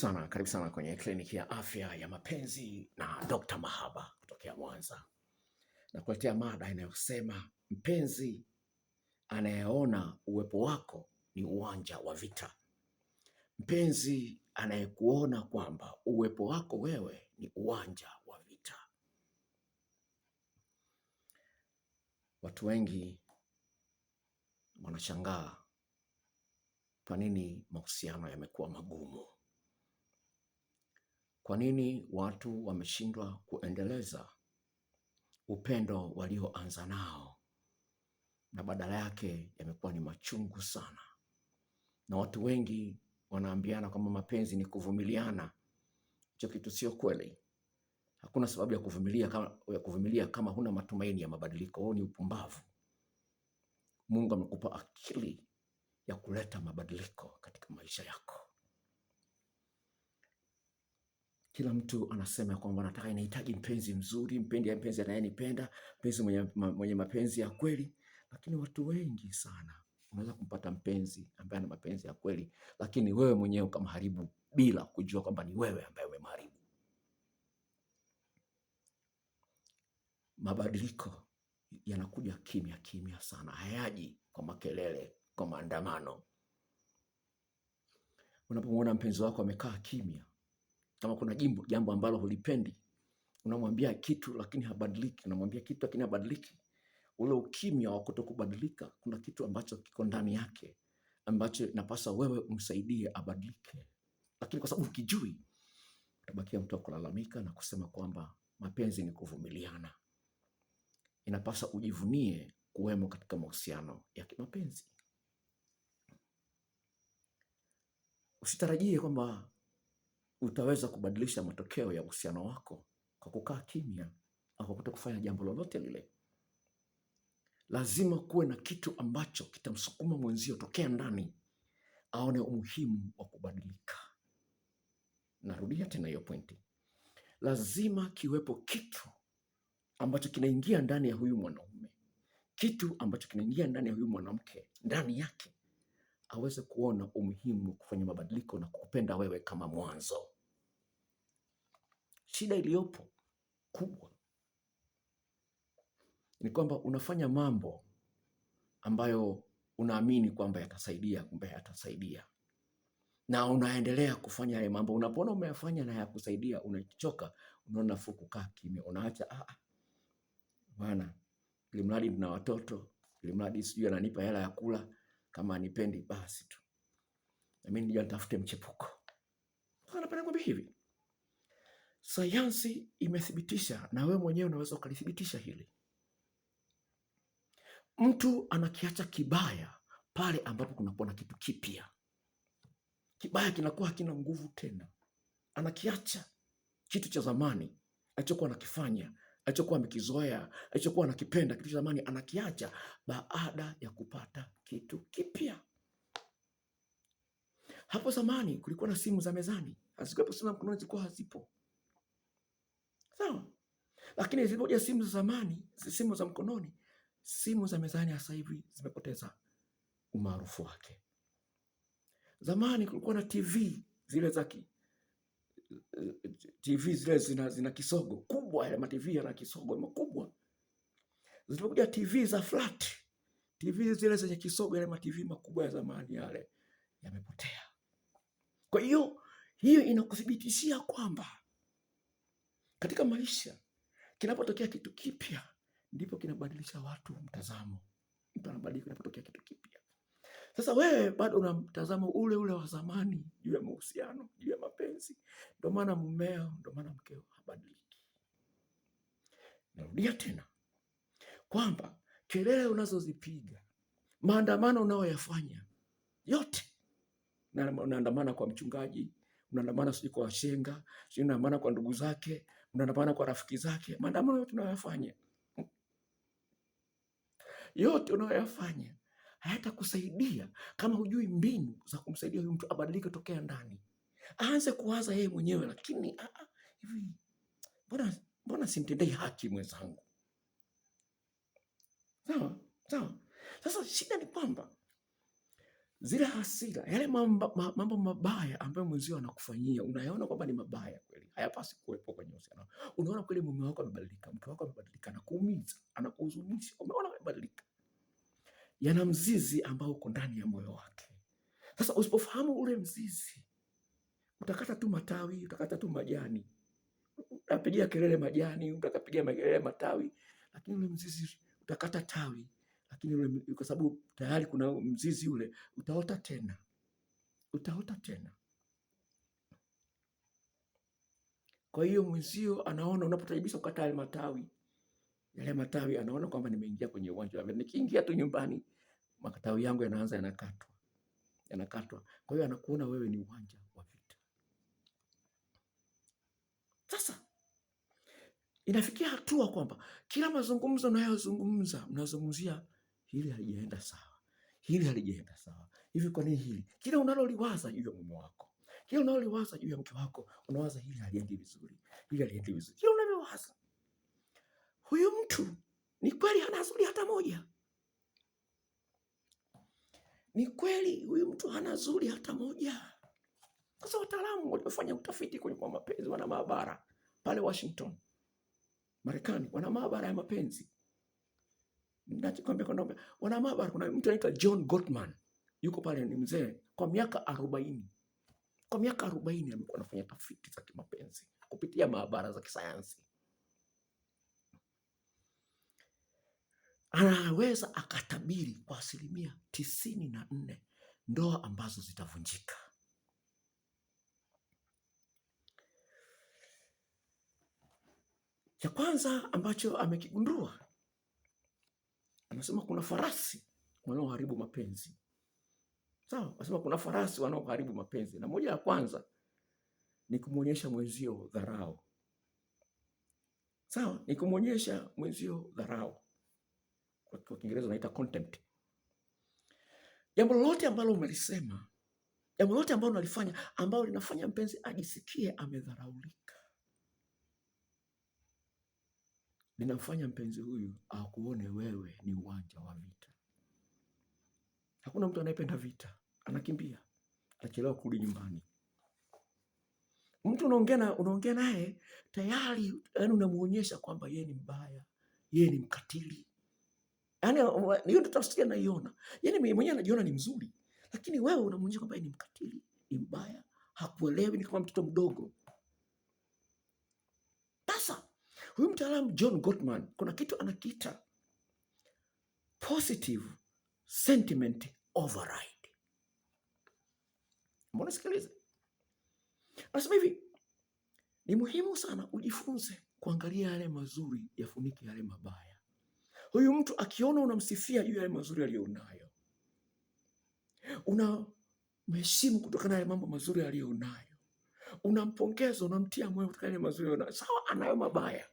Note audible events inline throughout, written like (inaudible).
Sana, karibu sana kwenye kliniki ya afya ya mapenzi na Dr. Mahaba kutokea Mwanza. Nakuletea mada inayosema mpenzi anayeona uwepo wako ni uwanja wa vita. Mpenzi anayekuona kwamba uwepo wako wewe ni uwanja wa vita. Watu wengi wanashangaa kwa nini mahusiano yamekuwa magumu kwa nini watu wameshindwa kuendeleza upendo walioanza nao, na badala yake yamekuwa ni machungu sana, na watu wengi wanaambiana kwamba mapenzi ni kuvumiliana. Hicho kitu sio kweli. Hakuna sababu ya kuvumilia kama, ya kuvumilia kama huna matumaini ya mabadiliko. Huo ni upumbavu. Mungu amekupa akili ya kuleta mabadiliko katika maisha yako. Kila mtu anasema kwamba nataka, inahitaji mpenzi mzuri, mpendi mpenzi anayenipenda, mpenzi mwenye, mwenye mapenzi ya kweli. Lakini watu wengi sana unaweza kumpata mpenzi ambaye ana mapenzi ya kweli, lakini wewe mwenyewe ukamharibu bila kujua kwamba ni wewe ambaye umemharibu. Mabadiliko yanakuja kimya kimya sana, hayaji kwa makelele, kwa maandamano. Unapomwona mpenzi wako amekaa kimya kama kuna jimbo jambo ambalo hulipendi, unamwambia kitu lakini habadiliki, unamwambia kitu lakini habadiliki. Ule ukimya wa kutokubadilika, kuna kitu ambacho kiko ndani yake ambacho napasa wewe umsaidie abadilike, lakini kwa sababu ukijui, utabakia mtu wa kulalamika na kusema kwamba mapenzi ni kuvumiliana. Inapasa ujivunie kuwemo katika mahusiano ya kimapenzi. Usitarajie kwamba utaweza kubadilisha matokeo ya uhusiano wako kwa kukaa kimya au kwa kutokufanya jambo lolote lile. Lazima kuwe na kitu ambacho kitamsukuma mwenzio tokea ndani aone umuhimu wa kubadilika. Narudia tena hiyo pointi, lazima kiwepo kitu ambacho kinaingia ndani ya huyu mwanaume, kitu ambacho kinaingia ndani ya huyu mwanamke, ndani yake aweze kuona umuhimu wa kufanya mabadiliko na kukupenda wewe kama mwanzo. Shida iliyopo kubwa ni kwamba unafanya mambo ambayo unaamini kwamba yatasaidia, kumbe yatasaidia, na unaendelea kufanya hayo mambo. Unapoona umeyafanya na yakusaidia, unachoka, unaona nafuu kukaa kimya, unaacha ah, ah bwana, ili nina watoto, limradi sijui ananipa hela ya kula, kama anipendi basi tu na mimi nitafute mchepuko. Anapenda kwambia hivi Sayansi imethibitisha na wewe mwenyewe unaweza ukalithibitisha hili. Mtu anakiacha kibaya pale ambapo kunakuwa na kitu kipya. Kibaya kinakuwa hakina nguvu tena, anakiacha kitu cha zamani alichokuwa anakifanya, alichokuwa amekizoea, alichokuwa anakipenda, kitu cha zamani anakiacha baada ya kupata kitu kipya. Hapo zamani kulikuwa na simu za mezani, hazikuwepo, simu za mkononi zilikuwa hazipo Sawa. Lakini zilikuja simu za zamani, simu za mkononi, simu za mezani hasa hivi zimepoteza umaarufu wake. Zamani kulikuwa na TV zile za TV zile zina, zina kisogo kubwa, ya ma TV yana kisogo makubwa. Zilipokuja TV za flat, TV zile zenye kisogo, ile ma TV makubwa ya zamani yale yamepotea. Kwa hiyo hiyo inakuthibitishia kwamba katika maisha kinapotokea kitu kipya ndipo kinabadilisha watu mtazamo. Mtu anabadilika kinapotokea kitu kipya. Sasa wewe bado una mtazamo ule ule wa zamani juu ya mahusiano, juu ya mapenzi. Ndio maana mumeo, ndio maana mkeo habadiliki. Narudia tena kwamba kelele unazozipiga, maandamano unaoyafanya yote, unaandamana kwa mchungaji, unaandamana sijui kwa shenga sijui unaandamana kwa ndugu zake, mnaandamana kwa rafiki zake. Maandamano yote unayoyafanya yote unayoyafanya hayatakusaidia kama hujui mbinu za kumsaidia huyu mtu abadilike tokea ndani, aanze kuwaza yeye mwenyewe, lakini ah, ah, hivi, mbona mbona simtendei haki mwenzangu? Sawa sawa. Sasa shida ni kwamba zile hasira, yale mambo, mabaya ambayo mwenzio anakufanyia unayaona kwamba ni mabaya kweli, hayapasi kuwepo kwenye uhusiano. Unaona kweli mume wako amebadilika, mke wako amebadilika, anakuumiza, anakuhuzunisha, umeona amebadilika, yana mzizi ambao uko ndani ya moyo wake. Sasa usipofahamu ule mzizi, utakata tu matawi, utakata tu majani, utapigia kelele majani, utakapigia makelele matawi, lakini ule mzizi utakata tawi lakini ule, kwa sababu tayari kuna mzizi ule, utaota tena, utaota tena. Kwa hiyo mwenzio anaona unapotaribisha kukata yale matawi, yale matawi anaona kwamba nimeingia kwenye uwanja wa vita, nikiingia tu nyumbani matawi yangu yanaanza yanakatwa, yanakatwa. Kwa hiyo anakuona wewe ni uwanja wa vita. Sasa inafikia hatua kwamba kila mazungumzo unayozungumza mnazungumzia hili halijaenda sawa, hili halijaenda sawa, hivi kwa nini hili? Kila unaloliwaza juu ya mume wako, kila unaloliwaza juu ya mke wako, unawaza hili haliendi vizuri, hili haliendi vizuri, kila unaloliwaza. Huyu mtu ni kweli hana zuri hata moja, ni kweli huyu mtu hana zuri hata moja. Sasa wataalamu waliofanya utafiti kwenye kwa mapenzi, wana maabara pale Washington Marekani, wana maabara ya mapenzi nakwambia wana maabara, kuna mtu anaitwa John Gottman yuko pale, ni mzee kwa miaka arobaini kwa miaka arobaini amekuwa anafanya tafiti za kimapenzi kupitia maabara za kisayansi. Anaweza akatabiri kwa asilimia tisini na nne ndoa ambazo zitavunjika. Cha kwanza ambacho amekigundua Anasema kuna farasi wanaoharibu mapenzi. Sawa, anasema kuna farasi wanaoharibu mapenzi, na moja ya kwanza ni kumwonyesha mwenzio dharau. Sawa, ni kumwonyesha mwenzio dharau, kwa Kiingereza naita contempt. Jambo lolote ambalo umelisema, jambo lolote ambalo unalifanya, ambalo linafanya mpenzi ajisikie amedharaulika linamfanya mpenzi huyu akuone wewe ni uwanja wa vita. Hakuna mtu anayependa vita, anakimbia, anachelewa kurudi nyumbani. Mtu unaongea unaongea naye tayari, yani unamuonyesha kwamba yeye ni mbaya, yeye ni mkatili. Yani hiyo ndio tafsiri anaiona, yani mwenyewe anajiona ni mzuri, lakini wewe unamuonyesha kwamba yeye ni mkatili, ni mbaya, hakuelewi, ni kama mtoto mdogo. Huyu mtaalamu John Gottman kuna kitu anakiita positive sentiment override. Mbona sikiliza, anasema hivi, ni muhimu sana ujifunze kuangalia yale mazuri yafunike yale mabaya. Huyu mtu akiona unamsifia juu yale mazuri aliyonayo, unamheshimu kutokana na yale mambo mazuri aliyonayo, unampongeza, unamtia moyo kutokana na yale mazuri aliyonayo. Sawa, anayo mabaya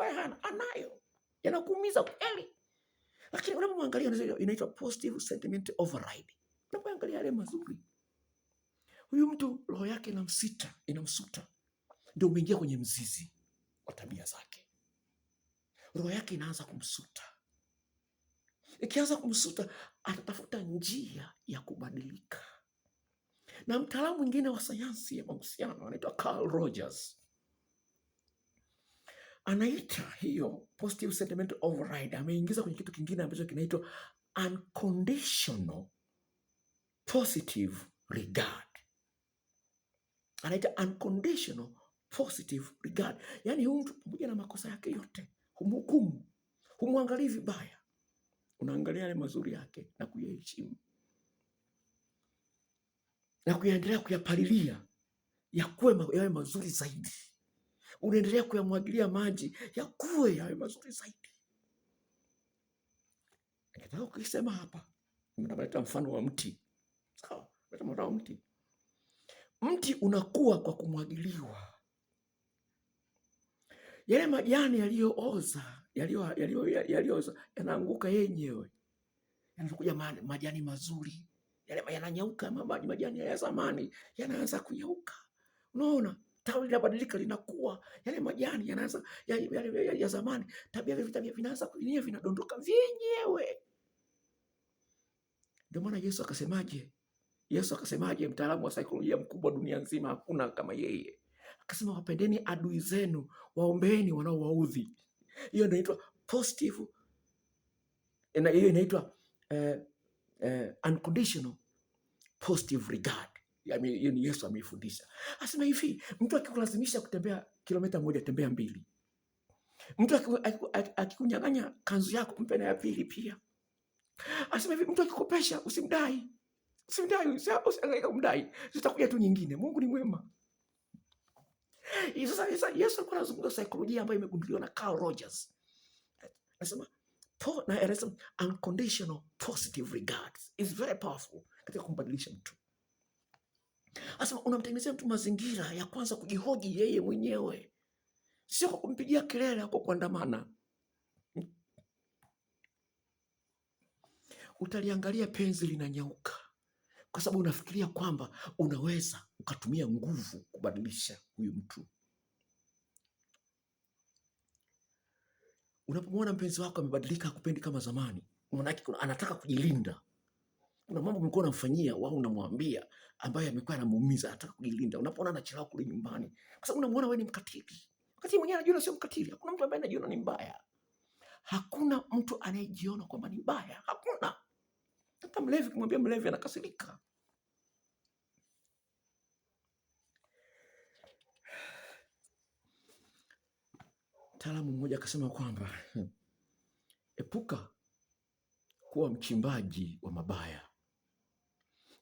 ambaye hana anayo, yanakuumiza kweli, lakini unapomwangalia inaitwa positive sentiment override. Unapoangalia yale mazuri, huyu mtu roho yake inamsita, inamsuta, ndio umeingia kwenye mzizi wa tabia zake. Roho yake inaanza kumsuta, ikianza kumsuta atatafuta njia ya kubadilika. Na mtaalamu mwingine wa sayansi ya mahusiano anaitwa Carl Rogers anaita hiyo positive sentiment override, ameingiza kwenye kitu kingine ambacho kinaitwa unconditional positive regard, anaita unconditional positive regard. Yani huyu mtu pamoja na makosa yake yote humhukumu, humwangalii vibaya, unaangalia yale mazuri yake na kuyaheshimu na kuyaendelea kuyapalilia yakuwe yawe mazuri zaidi unaendelea kuyamwagilia maji yakuwe yawe mazuri zaidi. Nataka kukisema hapa, naleta mfano wa mti sawa, mfano wa mti. Mti unakuwa kwa kumwagiliwa, yale majani yaliyooza yaliyooza yanaanguka yenyewe, yanakuja majani mazuri, yale yananyauka, majani ya zamani yanaanza kunyauka, unaona tawi linabadilika linakuwa, yale majani yanaanza ya, ya, ya, ya, ya zamani tabia vya vita vinaanza kuingia vinadondoka vyenyewe. Ndio maana Yesu akasemaje? Yesu akasemaje? Mtaalamu wa saikolojia mkubwa dunia nzima, hakuna kama yeye. Akasema, wapendeni adui zenu, waombeeni wanaowaudhi. Hiyo inaitwa positive, hiyo inaitwa uh, uh, unconditional positive regard hiyo ni Yesu ameifundisha. Anasema hivi, mtu akikulazimisha kutembea kilomita moja, tembea mbili. Mtu akikunyang'anya kanzu yako, mpe na ya pili pia. Anasema hivi, mtu akikopesha usimdai, usimdai, usiangaika kumdai, zitakuja tu nyingine. Mungu ni mwema. Sasa Yesu alikuwa anazungumza saikolojia ambayo imegunduliwa na Carl Rogers. Anasema po na anasema unconditional positive regards is very powerful katika kumbadilisha mtu Anasema unamtengenezea mtu mazingira ya kwanza kujihoji yeye mwenyewe, sio kwa kumpigia kelele, kwa kuandamana. Utaliangalia penzi linanyauka, kwa sababu unafikiria kwamba unaweza ukatumia nguvu kubadilisha huyu mtu. Unapomwona mpenzi wako amebadilika, akupendi kama zamani, maanake anataka kujilinda. Kuna mambo mlikuwa unamfanyia, wao unamwambia, ambaye amekuwa anamuumiza, hata kujilinda. Unapoona anachelewa kule nyumbani, kwa sababu unamuona wewe ni mkatili, wakati mwenyewe anajiona sio mkatili. Hakuna mtu ambaye anajiona ni mbaya, hakuna mtu anayejiona kwamba ni mbaya, hakuna. Hata mlevi, kumwambia mlevi anakasirika. Mtaalamu mmoja akasema kwamba hmm, epuka kuwa mchimbaji wa mabaya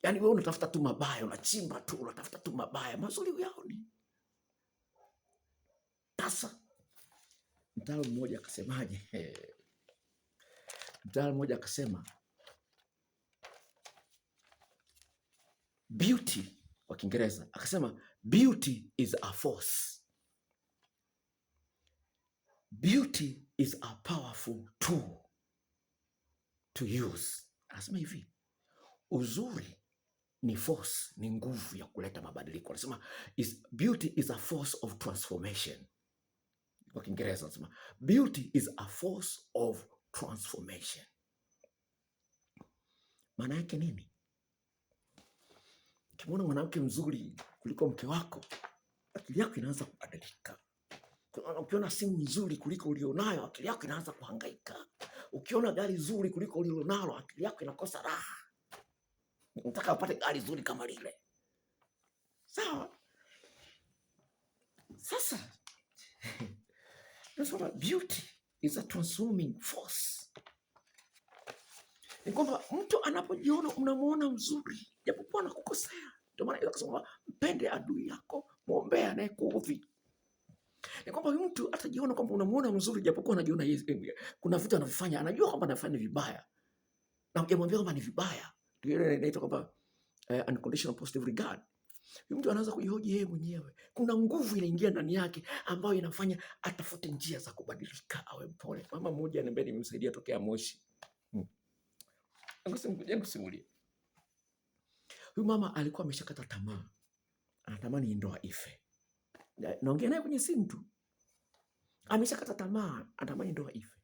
Yaani wewe unatafuta tu mabaya, unachimba tu, unatafuta tu mabaya, mazuri uyaoni. Sasa mtaalamu mmoja akasemaje? (laughs) Mtaalamu mmoja akasema beauty kwa Kiingereza akasema beauty is a force. Beauty is a powerful tool to use. Anasema hivi uzuri ni force, ni nguvu ya kuleta mabadiliko. Anasema is beauty is a force of transformation. Kwa Kiingereza anasema beauty is a force of transformation. Maana yake nini? Ukimwona mwanamke mzuri kuliko mke wako, akili yako inaanza kubadilika. Ukiona simu nzuri kuliko ulionayo, akili yako inaanza kuhangaika. Ukiona gari zuri kuliko ulilonalo, akili yako inakosa raha. Nataka upate gari zuri kama lile. Sawa. Sasa (laughs) nasema beauty is a transforming force. Ni kwamba mtu anapojiona unamuona mzuri, japokuwa anakukosea. Ndio maana ile kusema mpende adui yako, muombe anayekuudhi. Ni kwamba mtu atajiona kwamba unamuona mzuri, japokuwa anajiona yeye eh, kuna vitu anavifanya, anajua kwamba anafanya vibaya, na hujamwambia kwamba ni vibaya inaitwa kwamba uh, unconditional positive regard. mtu anaanza kujihoji yeye mwenyewe. Kuna nguvu inaingia ndani yake ambayo inafanya atafute njia za kubadilika, awe mpole. Mama mmoja ambaye nimemsaidia tokea Moshi, Hmm. huyu mama alikuwa ameshakata tamaa, anatamani ndoa ife. Naongea naye kwenye simu tu, ameshakata tamaa, anatamani ndoa ife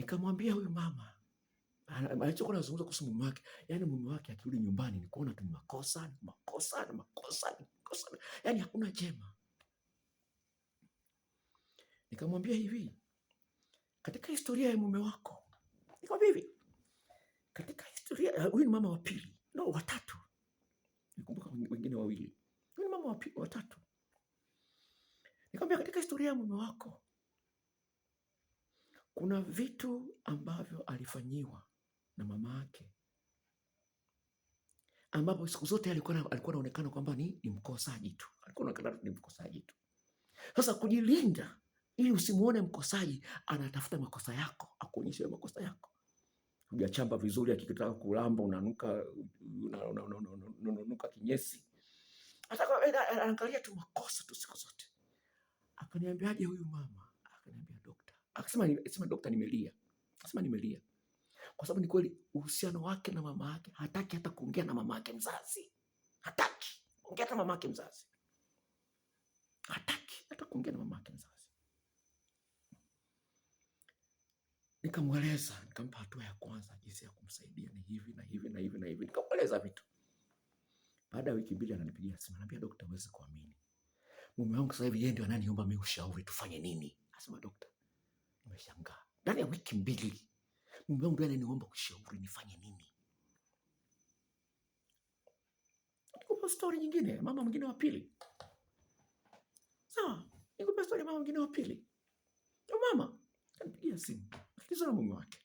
Nikamwambia huyu mama alichokuwa anazungumza kuhusu mume wake, yani mume wake akirudi nyumbani ni kuona tu makosa na makosa na makosa na makosa, yani hakuna jema. Nikamwambia hivi, katika historia ya mume wako, nikamwambia hivi, katika historia, eh, huyu ni mama wa pili, no, watatu, nikumbuka wengine wawili, huyu ni mama wa pili, watatu. Nikamwambia katika historia ya mume wako kuna vitu ambavyo alifanyiwa na mama yake ambapo siku zote alikuwa alikuwa anaonekana kwamba ni ni mkosaji tu, alikuwa anaonekana ni mkosaji tu. Sasa kujilinda ili usimuone mkosaji, anatafuta makosa yako akuonyeshe makosa yako. Hujachamba vizuri, akikitaka kulamba unanuka, unanuka kinyesi, atakuwa anaangalia eh, tu makosa tu siku zote. Akaniambiaje huyu mama Akasema sema dokta, nimelia. Akasema nimelia kwa sababu ni kweli uhusiano wake na mama yake, hataki hata kuongea na mama yake mzazi, hataki kuongea na mama yake mzazi, hataki hata kuongea na mama yake mzazi. Nikamweleza, nikampa hatua ya kwanza, jinsi ya kumsaidia ni hivi na hivi na hivi na hivi, nikamweleza vitu. Baada ya wiki mbili ananipigia simu, anambia daktari, huwezi kuamini mume wangu sasa hivi yeye ndio ananiomba mimi ushauri tufanye nini. Asema daktari Umeshangaa ndani ya wiki mbili mume wangu ananiomba kushauri nifanye nini. Nikupa stori nyingine, mama mwingine wa pili. Sawa, nikupa stori mama mwingine wa pili. Mama kanipigia simu akitizwa na mume wake,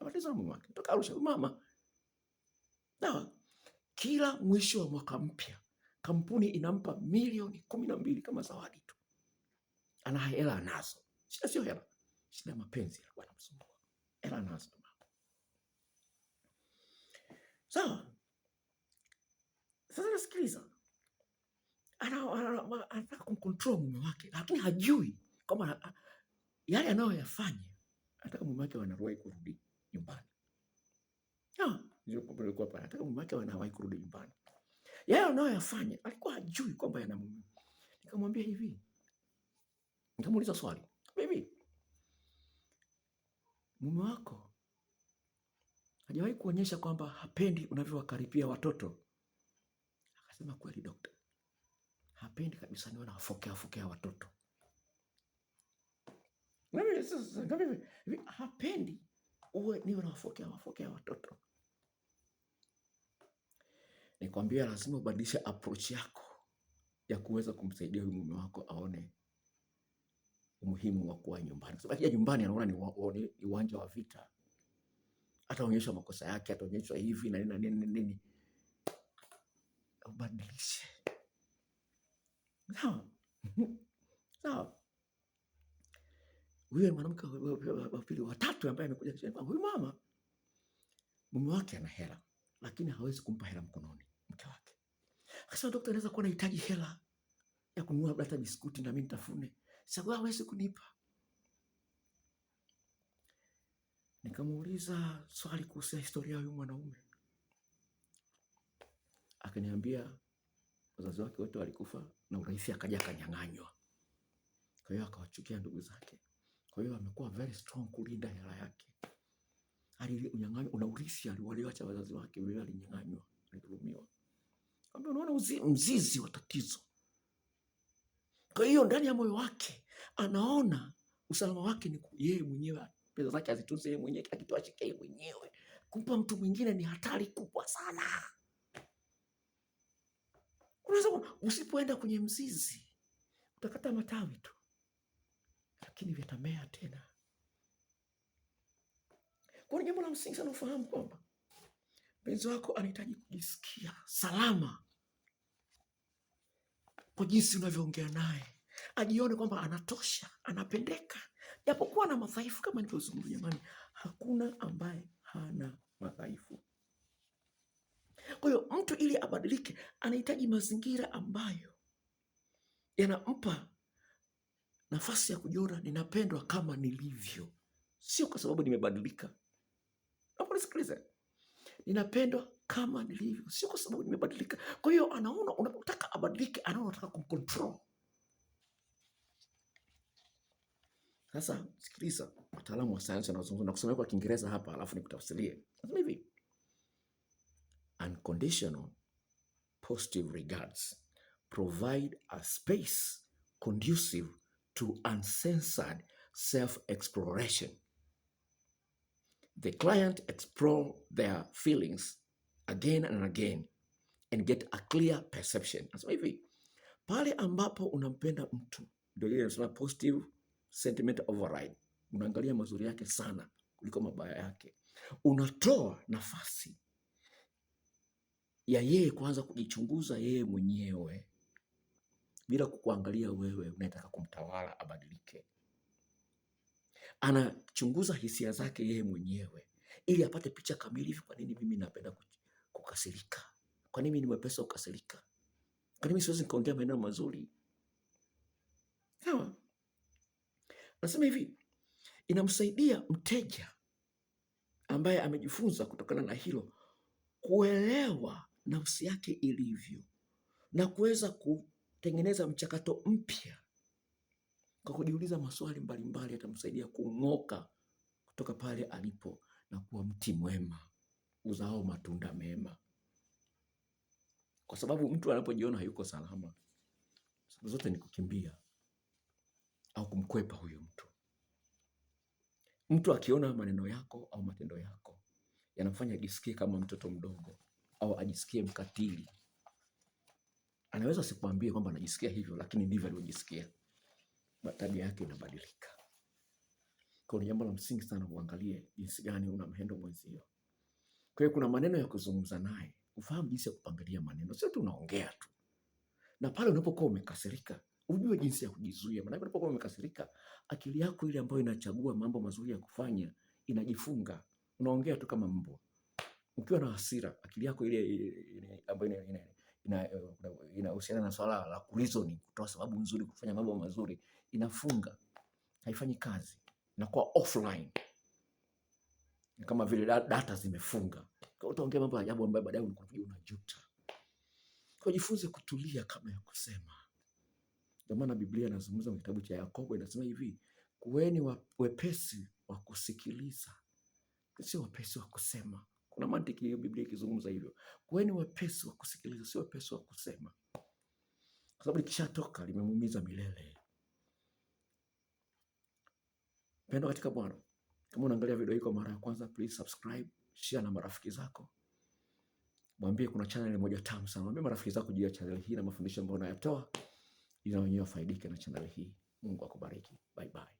akitizwa na mume wake toka Arusha. Mama sawa, kila mwisho wa mwaka mpya kampuni inampa milioni kumi na mbili kama zawadi tu, ana hela anazo, shida sio hela shida mapenzi yalikuwa yanamsumbua. Ela nazo mama. Sawa. Sasa nasikiliza. Anataka kumkontrol mume wake lakini hajui kwamba yale anayoyafanya anataka mume wake wanawahi kurudi nyumbani. Anataka mume wake wanawahi kurudi nyumbani. Yale anayoyafanya alikuwa hajui kwamba yanamuuma. Nikamwambia hivi, nikamuuliza swali, bibi mume wako hajawahi kuonyesha kwamba hapendi unavyowakaribia watoto? Akasema kweli dokta, hapendi kabisa niwe nawafokea fokea watoto hapendi uwe niwe nawafokea wafokea watoto. Nikwambia lazima ubadilishe approach yako ya kuweza kumsaidia huyu mume wako aone umuhimu wa kuwa nyumbani, kwa sababu nyumbani anaona ni uwanja wa vita. Ataonyeshwa makosa yake, ataonyeshwa hivi na nini nini nini. Ubadilishe. Sawa. (laughs) Sawa. Huyo mwanamke wa pili wa tatu ambaye amekuja kusema huyu mama mume wake ana hela lakini hawezi kumpa hela mkononi mke wake. Akasema daktari, anaweza kuwa anahitaji hela ya kununua hata biskuti na mimi nitafune sababu hawezi kunipa. Nikamuuliza swali kuhusu historia ya huyu mwanaume, akaniambia wazazi wake wote walikufa na uraisi akaja akanyang'anywa, kwa hiyo akawachukia ndugu zake, kwa hiyo amekuwa very strong kulinda hela yake. Alinyang'anywa una uraisi aliwaliwacha wazazi wake, wewe alinyang'anywa, alidhulumiwa. Unaona mzizi wa tatizo kwa hiyo ndani ya moyo wake anaona usalama wake ni yeye mwenyewe, pesa zake azitunze yeye mwenyewe, kila kitu ashike yeye mwenyewe. Kumpa mtu mwingine ni hatari kubwa sana. Unaweza usipoenda kwenye mzizi utakata matawi tu, lakini vitamea tena. Kwa jambo la msingi sana ufahamu kwamba mpenzi wako anahitaji kujisikia salama kwa jinsi unavyoongea naye, ajione kwamba anatosha, anapendeka, japokuwa na madhaifu kama nilivyozungumza. Jamani, hakuna ambaye hana madhaifu. Kwa hiyo mtu ili abadilike, anahitaji mazingira ambayo yanampa nafasi ya kujiona, ninapendwa kama nilivyo, sio kwa sababu nimebadilika. Hapo nisikilize ninapendwa kama nilivyo, sio kwa sababu nimebadilika. Kwa hiyo anaona unataka abadilike, anaona unataka kumcontrol. Sasa sikiliza, wataalamu wa sayansi wanazungumza na kusema kwa Kiingereza hapa, alafu nikutafsirie. Nasema hivi, unconditional positive regards provide a space conducive to uncensored self-exploration the client explore their feelings again and again and get a clear perception. Nasema hivi, pale ambapo unampenda mtu ndio ile inasema positive sentiment override. Unaangalia mazuri yake sana kuliko mabaya yake, unatoa nafasi ya yeye kwanza kujichunguza yeye mwenyewe bila kukuangalia wewe unataka kumtawala abadilike anachunguza hisia zake yeye mwenyewe ili apate picha hivi, Kwa nini mimi napenda kukasirika? Kwa nini ni mwepesi kukasirika? Kwa nini siwezi kuongea maneno mazuri? Sawa, nasema hivi, inamsaidia mteja ambaye amejifunza kutokana na hilo kuelewa nafsi yake ilivyo na kuweza kutengeneza mchakato mpya kwa kujiuliza maswali mbalimbali yatamsaidia kung'oka kutoka pale alipo na kuwa mti mwema uzao matunda mema, kwa sababu mtu anapojiona hayuko salama, siku zote ni kukimbia au kumkwepa huyo mtu. Mtu akiona maneno yako au matendo yako yanamfanya ajisikie kama mtoto mdogo au ajisikie mkatili, anaweza sikuambie kwamba anajisikia hivyo, lakini ndivyo alivyojisikia tabia yake inabadilika. Kwa hiyo jambo la msingi sana uangalie jinsi gani una mhendo mwenzio. Kwa hiyo kuna maneno ya kuzungumza naye, ufahamu jinsi ya kupangilia maneno, sio tu unaongea tu. Na pale unapokuwa umekasirika, ujue jinsi ya kujizuia, maana unapokuwa umekasirika, akili yako ile ambayo inachagua mambo mazuri ya kufanya inajifunga, unaongea tu kama mbwa. Ukiwa na hasira, akili yako ile ambayo inahusiana na swala la kureason, kutoa sababu nzuri, kufanya mambo mazuri inafunga, haifanyi kazi, inakuwa offline, kama vile data zimefunga. Utaongea mambo ya ajabu ambayo baadaye unakuja unajuta. Kwa jifunze kutulia kama ya kusema. Ndio maana Biblia inazungumza kitabu cha Yakobo, inasema hivi kuweni wa, wepesi wa kusikiliza, sio wepesi wa kusema. Kuna mantiki hiyo Biblia ikizungumza hivyo, kuweni wepesi wa kusikiliza, sio wepesi wa kusema, kwa sababu likishatoka limemuumiza milele. Pendo katika Bwana, kama unaangalia video hii kwa mara ya kwanza, please subscribe, share na marafiki zako. Mwambie kuna channel moja tamu sana. Mwambie marafiki zako juu ya channel hii na mafundisho ambayo unayatoa ili na wenyewe wafaidike na channel hii. Mungu akubariki. Bye bye.